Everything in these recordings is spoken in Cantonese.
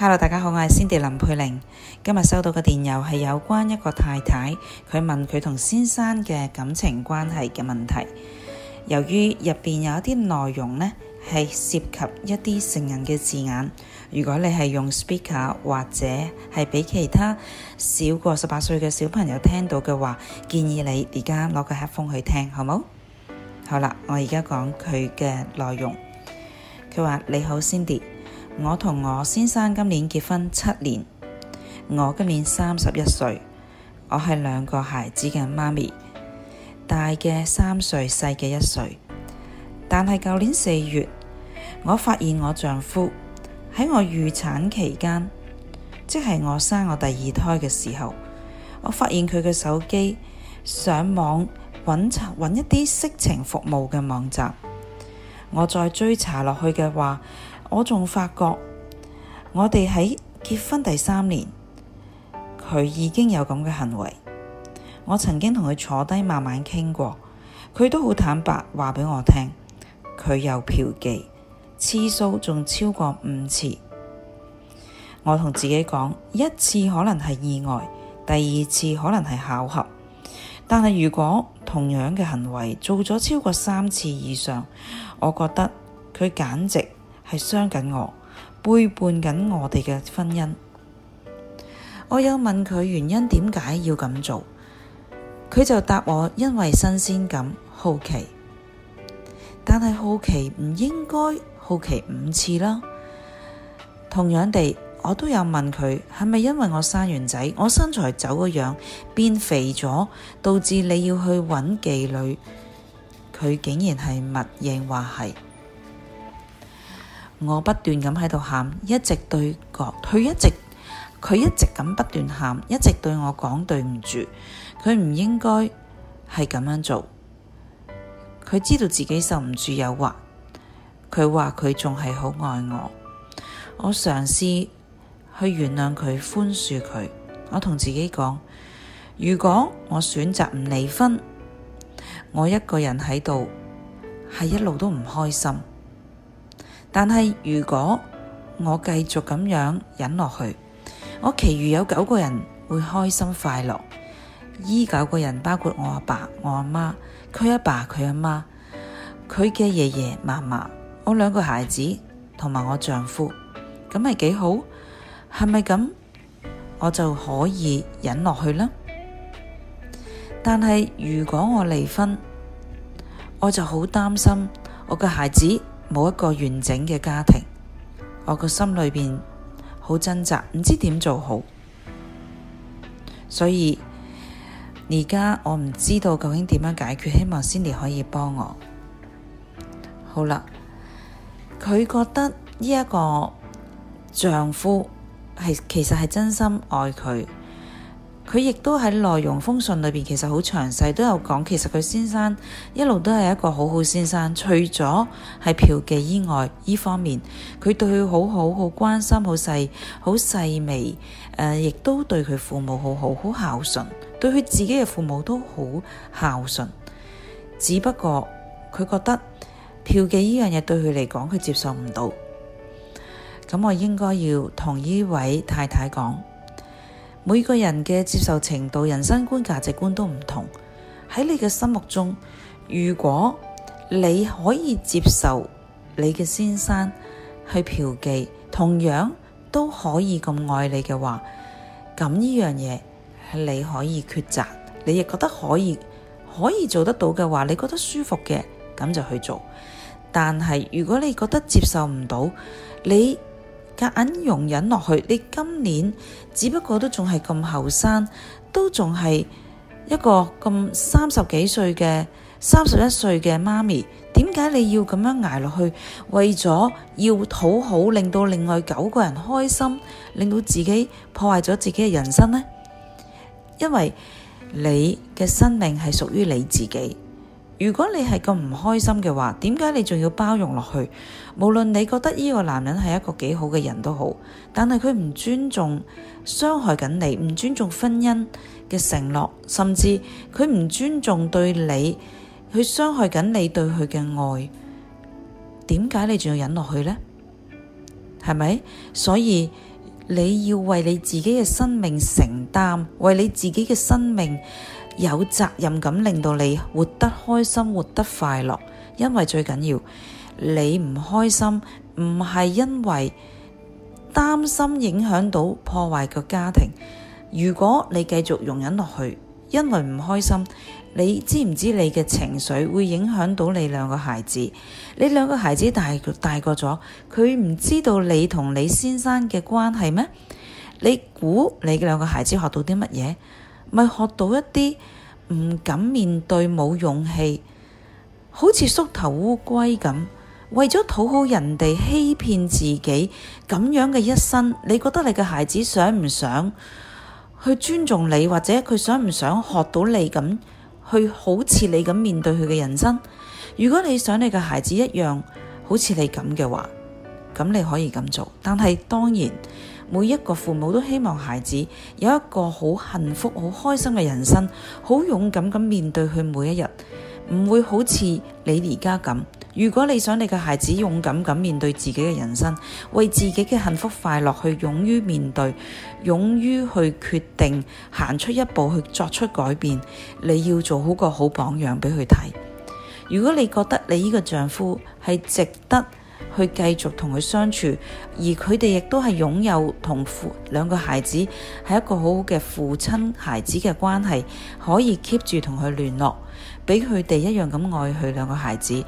Hello 大家好，我係 Cindy 林佩玲。今日收到個電郵，係有關一個太太，佢問佢同先生嘅感情關係嘅問題。由於入邊有一啲內容呢，係涉及一啲成人嘅字眼，如果你係用 speaker 或者係俾其他少過十八歲嘅小朋友聽到嘅話，建議你而家攞個 headphone 去聽，好冇？好啦，我而家講佢嘅內容。佢話你好，Cindy。我同我先生今年結婚七年，我今年三十一歲，我係兩個孩子嘅媽咪，大嘅三歲，細嘅一歲。但係舊年四月，我發現我丈夫喺我預產期間，即係我生我第二胎嘅時候，我發現佢嘅手機上網揾揾一啲色情服務嘅網站。我再追查落去嘅話，我仲發覺，我哋喺結婚第三年，佢已經有咁嘅行為。我曾經同佢坐低慢慢傾過，佢都好坦白話畀我聽，佢又嫖妓，次數仲超過五次。我同自己講，一次可能係意外，第二次可能係巧合。但係如果同樣嘅行為做咗超過三次以上，我覺得佢簡直。係傷緊我，背叛緊我哋嘅婚姻。我有問佢原因，點解要咁做？佢就答我，因為新鮮感、好奇。但係好奇唔應該好奇五次啦。同樣地，我都有問佢係咪因為我生完仔，我身材走個樣，變肥咗，導致你要去揾妓女？佢竟然係默認話係。我不斷咁喺度喊，一直對佢一直佢一直咁不斷喊，一直對我講對唔住，佢唔應該係咁樣做，佢知道自己受唔住誘惑，佢話佢仲係好愛我，我嘗試去原諒佢寬恕佢，我同自己講，如果我選擇唔離婚，我一個人喺度係一路都唔開心。但係如果我繼續咁樣忍落去，我其餘有九個人會開心快樂，依九個人包括我阿爸、我阿媽、佢阿爸、佢阿媽、佢嘅爺爺、嫲嫲、我兩個孩子同埋我丈夫，咁係幾好？係咪咁我就可以忍落去啦？但係如果我離婚，我就好擔心我嘅孩子。冇一個完整嘅家庭，我個心裏邊好掙扎，唔知點做好，所以而家我唔知道究竟點樣解決，希望 Cindy 可以幫我。好啦，佢覺得呢一個丈夫係其實係真心愛佢。佢亦都喺內容封信裏邊，其實好詳細都有講。其實佢先生一路都係一個好好先生，除咗係嫖妓以外，呢方面佢對佢好好、好關心、好細、好細微，呃，亦都對佢父母好好、好孝順，對佢自己嘅父母都好孝順。只不過佢覺得嫖妓呢樣嘢對佢嚟講，佢接受唔到。咁我應該要同呢位太太講。每個人嘅接受程度、人生觀、價值觀都唔同。喺你嘅心目中，如果你可以接受你嘅先生去嫖妓，同樣都可以咁愛你嘅話，咁呢樣嘢係你可以抉擇。你亦覺得可以可以做得到嘅話，你覺得舒服嘅，咁就去做。但係如果你覺得接受唔到，你夾硬容忍落去，你今年只不過都仲係咁後生，都仲係一個咁三十幾歲嘅、三十一歲嘅媽咪，點解你要咁樣挨落去？為咗要討好，令到另外九個人開心，令到自己破壞咗自己嘅人生呢？因為你嘅生命係屬於你自己。如果你係咁唔開心嘅話，點解你仲要包容落去？無論你覺得呢個男人係一個幾好嘅人都好，但係佢唔尊重、傷害緊你，唔尊重婚姻嘅承諾，甚至佢唔尊重對你、佢傷害緊你對佢嘅愛，點解你仲要忍落去呢？係咪？所以你要為你自己嘅生命承擔，為你自己嘅生命，有責任感，令到你活得開心，活得快樂。因為最緊要，你唔開心唔係因為擔心影響到破壞個家庭。如果你繼續容忍落去，因為唔開心，你知唔知你嘅情緒會影響到你兩個孩子？你兩個孩子大大個咗，佢唔知道你同你先生嘅關係咩？你估你兩個孩子學到啲乜嘢？咪學到一啲唔敢面對、冇勇氣，好似縮頭烏龜咁，為咗討好人哋欺騙自己咁樣嘅一生，你覺得你嘅孩子想唔想去尊重你，或者佢想唔想學到你咁去好似你咁面對佢嘅人生？如果你想你嘅孩子一樣好似你咁嘅話，咁你可以咁做，但係當然。每一個父母都希望孩子有一個好幸福、好開心嘅人生，好勇敢咁面對佢每一日，唔會好似你而家咁。如果你想你嘅孩子勇敢咁面對自己嘅人生，為自己嘅幸福快樂去勇於面對，勇於去決定，行出一步去作出改變，你要做好個好榜樣俾佢睇。如果你覺得你呢個丈夫係值得，去繼續同佢相處，而佢哋亦都係擁有同父兩個孩子，係一個好好嘅父親孩子嘅關係，可以 keep 住同佢聯絡，俾佢哋一樣咁愛佢兩個孩子。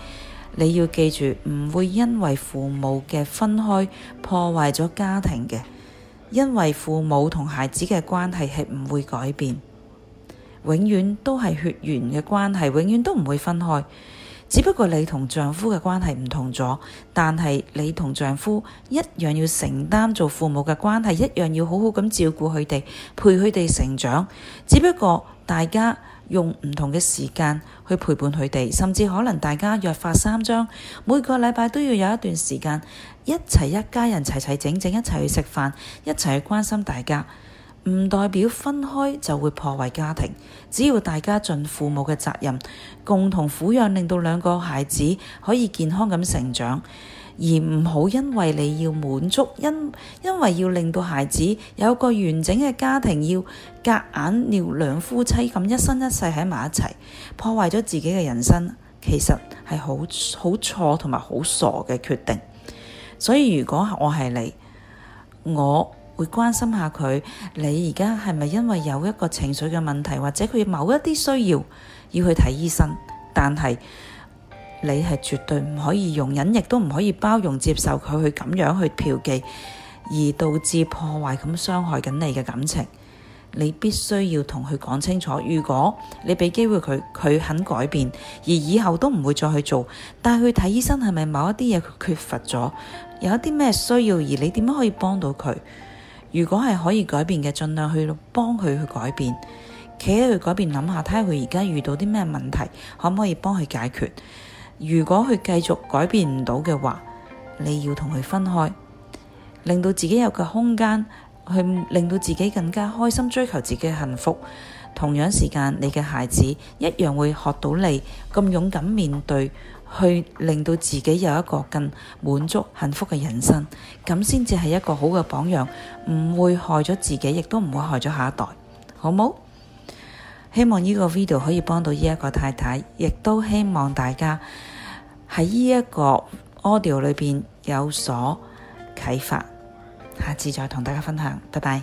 你要記住，唔會因為父母嘅分開破壞咗家庭嘅，因為父母同孩子嘅關係係唔會改變，永遠都係血緣嘅關係，永遠都唔會分開。只不過你同丈夫嘅關係唔同咗，但係你同丈夫一樣要承擔做父母嘅關係，一樣要好好咁照顧佢哋，陪佢哋成長。只不過大家用唔同嘅時間去陪伴佢哋，甚至可能大家約法三章，每個禮拜都要有一段時間，一齊一家人齊齊整整一齊去食飯，一齊去，去關心大家。唔代表分開就會破壞家庭，只要大家盡父母嘅責任，共同撫養，令到兩個孩子可以健康咁成長，而唔好因為你要滿足因因為要令到孩子有個完整嘅家庭，要夾硬要兩夫妻咁一生一世喺埋一齊，破壞咗自己嘅人生，其實係好好錯同埋好傻嘅決定。所以如果我係你，我。會關心下佢，你而家係咪因為有一個情緒嘅問題，或者佢某一啲需要要去睇醫生？但係你係絕對唔可以容忍，亦都唔可以包容接受佢去咁樣去嫖妓，而導致破壞咁傷害緊你嘅感情。你必須要同佢講清楚。如果你俾機會佢，佢肯改變，而以後都唔會再去做。但係去睇醫生係咪某一啲嘢佢缺乏咗？有一啲咩需要，而你點樣可以幫到佢？如果係可以改變嘅，盡量去幫佢去改變，企喺佢改變想想，諗下睇下佢而家遇到啲咩問題，可唔可以幫佢解決？如果佢繼續改變唔到嘅話，你要同佢分開，令到自己有個空間去，令到自己更加開心，追求自己嘅幸福。同樣時間，你嘅孩子一樣會學到你咁勇敢面對。去令到自己有一個更滿足、幸福嘅人生，咁先至係一個好嘅榜樣，唔會害咗自己，亦都唔會害咗下一代，好冇？希望呢個 video 可以幫到呢一個太太，亦都希望大家喺呢一個 audio 裏面有所啟發，下次再同大家分享，拜拜。